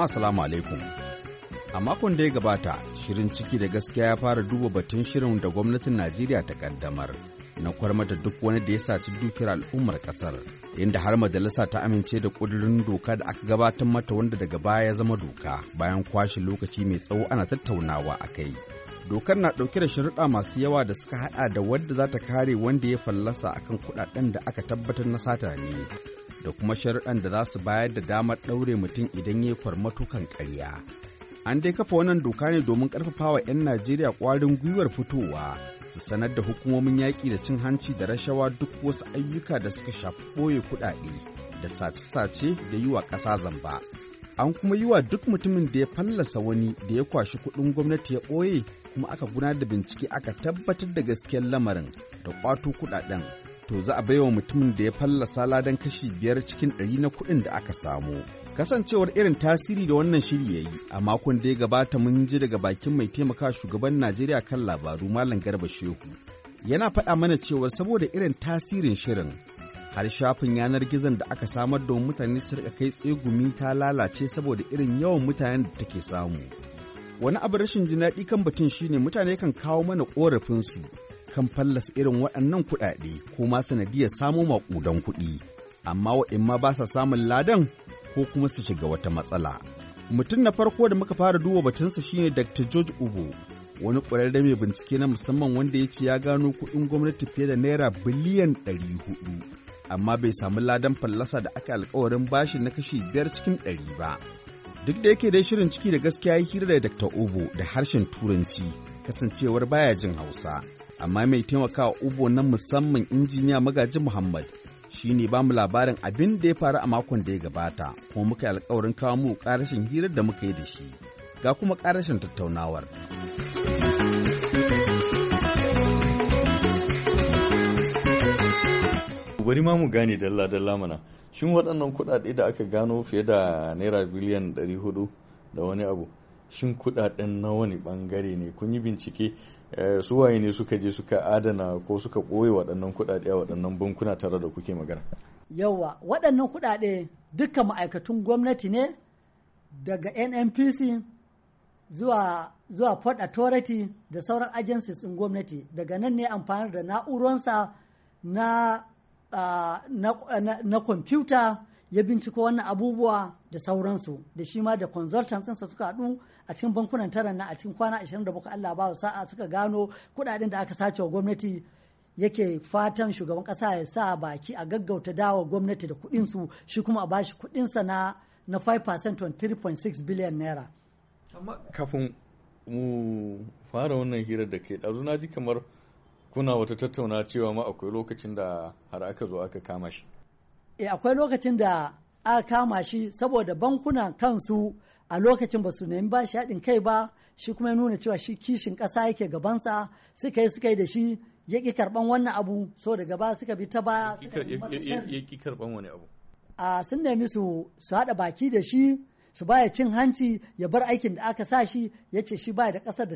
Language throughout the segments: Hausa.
jama'a salamu alaikum a makon da ya gabata shirin ciki da gaskiya ya fara duba batun shirin da gwamnatin najeriya ta kaddamar na mata duk wani da ya saci dukiyar al'ummar kasar inda har majalisa ta amince da ƙudurin doka da aka gabatar mata wanda daga baya ya zama doka bayan kwashe lokaci mai tsawo ana tattaunawa a kai dokar na ɗauke da shirɗa masu yawa da suka haɗa da wadda za ta kare wanda ya fallasa akan kuɗaɗen da aka tabbatar na sata ne da kuma sharuɗan da za su bayar da damar ɗaure mutum idan ya kwarmatukan ƙarya. An dai kafa wannan doka ne domin ƙarfafawa 'yan Najeriya ƙwarin gwiwar fitowa su sanar da hukumomin yaƙi da cin hanci da rashawa duk wasu ayyuka da suka shafi ɓoye kuɗaɗe da sace-sace da yi wa ƙasa zamba. An kuma yi wa duk mutumin da ya fallasa wani da ya kwashi kuɗin gwamnati ya ɓoye kuma aka gudanar da bincike aka tabbatar da gaskiyar lamarin da ƙwato kuɗaɗen to za a baiwa mutumin da ya fallasa ladan kashi biyar cikin ɗari na kuɗin da aka samu. Kasancewar irin tasiri da wannan shiri ya yi, a makon da ya gabata mun ji daga bakin mai taimaka shugaban Najeriya kan labaru Malam Garba Shehu. Yana faɗa mana cewa saboda irin tasirin shirin, har shafin yanar gizon da aka samar da mutane su rika kai tsegumi ta lalace saboda irin yawan mutanen da take samu. Wani abu rashin jin kan batun shine mutane kan kawo mana ƙorafinsu kan fallas irin waɗannan kuɗaɗe ko ma sanadiyar samo maƙudan kuɗi, amma waɗin ba sa samun ladan ko kuma su shiga wata matsala. Mutum na farko da muka fara duba batunsa shine Dr. George Ubo, wani ƙwararre mai bincike na musamman wanda ya ce ya gano kuɗin gwamnati fiye da naira biliyan ɗari huɗu, amma bai samu ladan fallasa da aka alkawarin bashi na kashi biyar cikin ɗari ba. Duk da yake dai shirin ciki da gaskiya ya hira da Dr. Ubo da harshen Turanci, kasancewar baya jin Hausa. amma mai taimakawa ubo na musamman injiniya magaji muhammad shine ba mu labarin abin da ya faru a makon da ya gabata kuma muka yi alkawarin kawo mu karashin hirar da muka yi da shi ga kuma karashin tattaunawar bari ma mu gane dalla dalla mana shin waɗannan kuɗaɗe da aka gano fiye da naira biliyan 400 da wani abu shin kuɗaɗen na wani bangare ne kun yi bincike Eh, su waye ne suka je suka adana ko suka ɓoye waɗannan kuɗaɗe a waɗannan bankuna tare da kuke magana yawa waɗannan kuɗaɗe dukkan ma'aikatun gwamnati ne daga nnpc zuwa zuwa port authority da sauran agencies ɗin gwamnati daga nan ne amfani da na'uransa ah, na na kwamfuta ya binciko wannan abubuwa da sauransu da shi ma da consultants sa suka haɗu a cikin bankunan taran na a cikin kwana 27 Allah ba sa'a suka gano kuɗaɗen da aka sace wa gwamnati yake fatan shugaban kasa ya sa baki a gaggauta dawa gwamnati da kuɗinsu shi kuma a bashi kuɗinsa na na 5% on 3.6 billion naira. Amma kafin mu fara wannan hirar da kai dazu na ji kamar kuna wata tattauna cewa ma akwai lokacin da har aka zo aka kama shi. eh akwai lokacin da A kama shi saboda bankuna kansu a lokacin ba su nemi ba shi haɗin kai ba shi kuma nuna cewa shi kishin ƙasa yake gabansa suka yi suka yi da shi ya ƙi karɓan wannan abu so daga ba suka bi ta baya ya ƙi karɓan wani abu a sun nemi su su haɗa baki da shi su baya cin hanci ya bar aikin da aka sa shi ya ce shi baya da ƙasar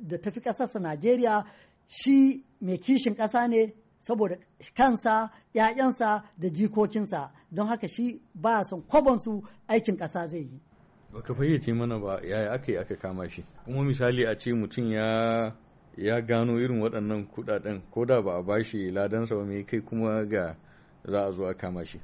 da tafi ƙasarsa Najeriya shi mai kishin ƙasa ne saboda kansa ‘ya'yansa da jikokinsa don haka shi ba son kwabon su aikin ƙasa zai yi baka fayyace mana ba yaya aka yi aka kama shi kuma misali a ce mutum ya gano irin waɗannan kuɗaɗen ko da ba a bashi ladansa ba mai kai kuma ga za a zo a kama shi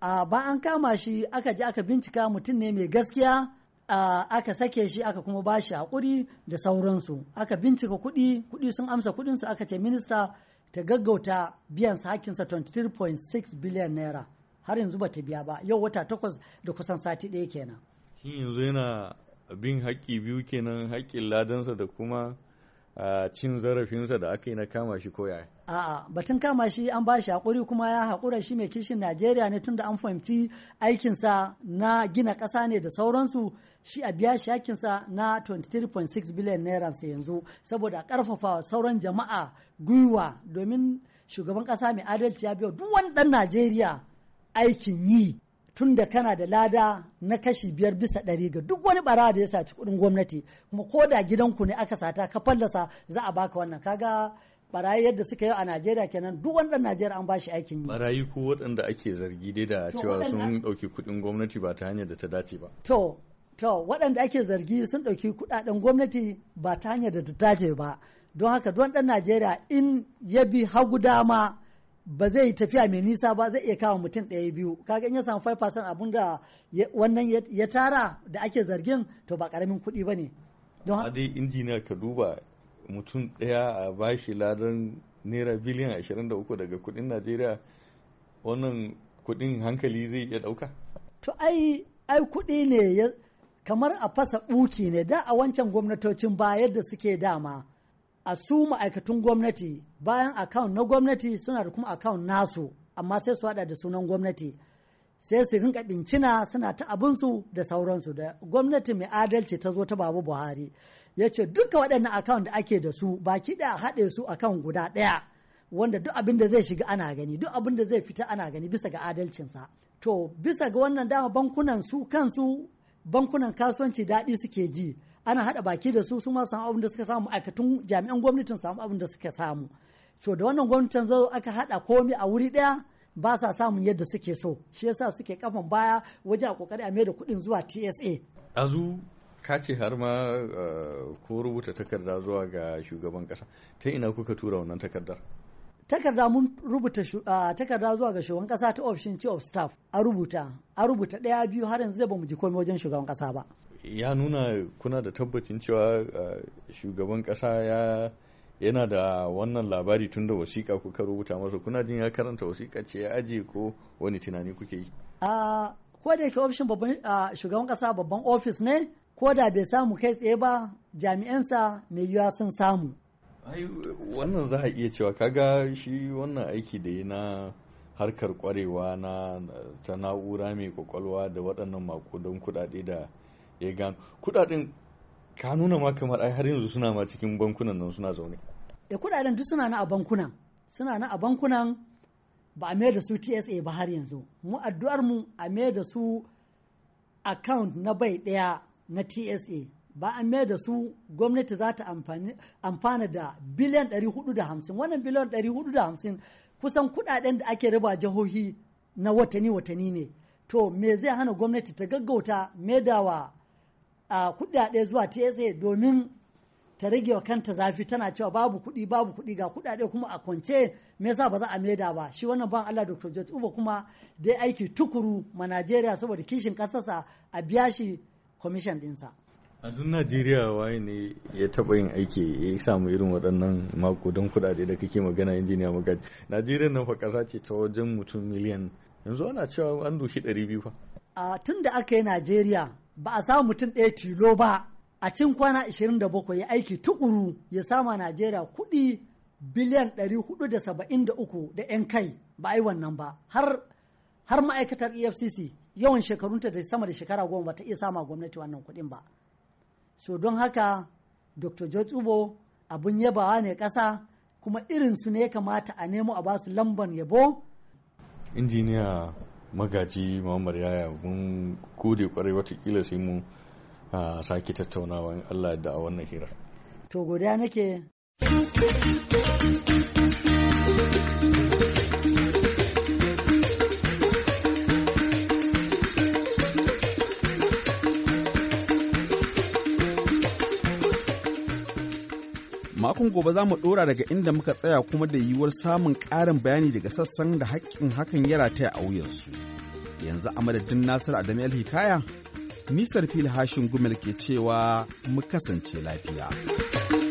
a ba an kama shi aka ji aka bincika mutum ne mai gaskiya aka sake shi aka kuma ba shi haƙuri da sauransu aka bincika kuɗi kuɗi sun amsa kuɗinsu aka ce minista ta gaggauta biyan hakinsa 23.6 biliyan naira har yanzu bata biya ba yau wata takwas da kusan sati ɗaya kenan shin yanzu yana bin haƙƙi biyu kenan haƙƙin ladansa da kuma cin zarafinsa da aka yi na kama shi ko yaya a'a batun kama shi an ba shi haƙuri kuma ya hakura shi mai kishin najeriya ne tunda an fahimci aikinsa na gina ƙasa ne da sauransu shi a biya shi hakinsa na 23.6 biliyan naira sai yanzu saboda a ƙarfafa sauran jama'a gwiwa domin shugaban ƙasa mai adalci ya biya duk wani ɗan najeriya aikin yi tun da kana da lada na kashi biyar bisa ɗari ga duk wani bara da ya saci kuɗin gwamnati kuma ko da gidanku ne aka sata ka fallasa za a baka wannan kaga barayi yadda suka yi a Najeriya kenan duk wanda Najeriya an bashi aikin yi. Barayi ko waɗanda ake zargi dai da cewa sun ɗauki kuɗin gwamnati ba ta hanyar da ta dace ba. To, to waɗanda ake zargi sun ɗauki kuɗaɗen gwamnati ba ta hanyar da ta dace ba. Don haka don ɗan Najeriya in ya bi hagu dama ba zai yi tafiya mai nisa ba zai iya kawo mutum ɗaya biyu kaga in ya samu 5% abun da wannan ya tara da ake zargin to ba karamin kuɗi ba ne don dai injiniya ka duba mutum ɗaya a bashi ladan naira biliyan 23 daga kuɗin najeriya wannan kuɗin hankali zai iya ɗauka to ai ai kuɗi ne kamar a fasa ɓuki ne da a wancan gwamnatocin ba yadda suke dama a su ma'aikatun gwamnati bayan account na gwamnati suna da kuma account nasu amma sai su hada da sunan gwamnati sai su rinka bincina suna ta abinsu da sauransu da gwamnati mai adalci ta zo ta babu buhari ya ce duka waɗannan account da ake da su baki ɗaya haɗe su account guda ɗaya wanda duk abin da zai shiga ana gani duk abin da zai fita ana gani bisa ga adalcinsa to bisa ga wannan dama bankunan su kansu bankunan kasuwanci daɗi suke ji ana haɗa baki da su su ma samu abin da suka samu aikatun jami'an gwamnatin samu abin da suka samu so da wannan gwamnatin zo aka haɗa komai a wuri ɗaya ba sa samun yadda suke so shi yasa suke kafan baya waje a kokari a mai da kuɗin zuwa TSA azu ka ce har ma eh, ko rubuta takarda zuwa ga shugaban ƙasa ta ina kuka tura wannan takardar takarda mun rubuta takarda zuwa ga shugaban kasa ta ofishin chief of staff a rubuta a rubuta daya biyu har yanzu da bamu ji komai wajen shugaban kasa ba ya nuna kuna da tabbacin cewa eh, shugaban kasa ya yana da wannan labari tun da wasiƙa kuka rubuta masa kuna jin ya karanta wasiƙa ce ya aje ko wani tunani kuke yi a ko da yake ofishin shugaban kasa babban ofis ne ko da bai samu kai tsaye ba jami'ansa mai yiwuwa sun samu wannan za a iya cewa Ka ga shi wannan aiki da yi na harkar kwarewa na ta na'ura mai kwakwalwa da waɗannan makudan kuɗaɗe da ya gano kudaden ka nuna ma kamar ai har yanzu suna ma cikin bankunan nan suna zaune da eh, kudaden duk suna na a bankunan suna na a bankunan ba a da su TSA ba har yanzu mu addu'ar mu a da su account na bai daya na TSA ba a mayar da su gwamnati za ta amfana da biliyan 450 wannan biliyan 450 kusan kudaden da ake raba jihohi na watanni-watanni ne to me zai hana gwamnati ta gaggauta maidawa a kuɗaɗe zuwa TSA domin ta rage wa kanta zafi tana cewa babu kuɗi babu kuɗi ga kuɗaɗe kuma a kwance me yasa ba za a maida ba shi wannan ban Allah Dr. George Uba kuma dai aiki tukuru ma Najeriya saboda kishin kasarsa a biya shi commission dinsa a duk najeriya waye ne ya taba yin aiki ya samu irin waɗannan mako don kuɗaɗe da kake magana injiniya magaji najeriya nan fa ƙasa ce ta wajen mutum miliyan yanzu ana cewa an dushi ɗari biyu fa a tun da aka yi najeriya ba a samu mutum ɗaya tilo ba a cin kwana 27 ya aiki tukuru ya sama Najeriya kuɗi biliyan 473 da 'yan kai ba a yi wannan ba har ma'aikatar efcc yawan shekarunta da sama da shekara goma ba ta iya sama gwamnati wannan kuɗin ba so don haka dr george ubo abin yabawa ne ƙasa kuma irin su ne ya kamata a nemo a basu lamban yabo injiniya magaji muhammad yaya mun kude kwarai watakila sai mu sake tattaunawa in allah da a wannan hira to godiya nake makon gobe za mu ɗora daga inda muka tsaya kuma da yiwuwar samun ƙarin bayani daga sassan da haƙƙin hakan ya rataya a wuyansu yanzu a madadin nasir adam hikaya nisar fil hashin gumel ke cewa mu kasance lafiya.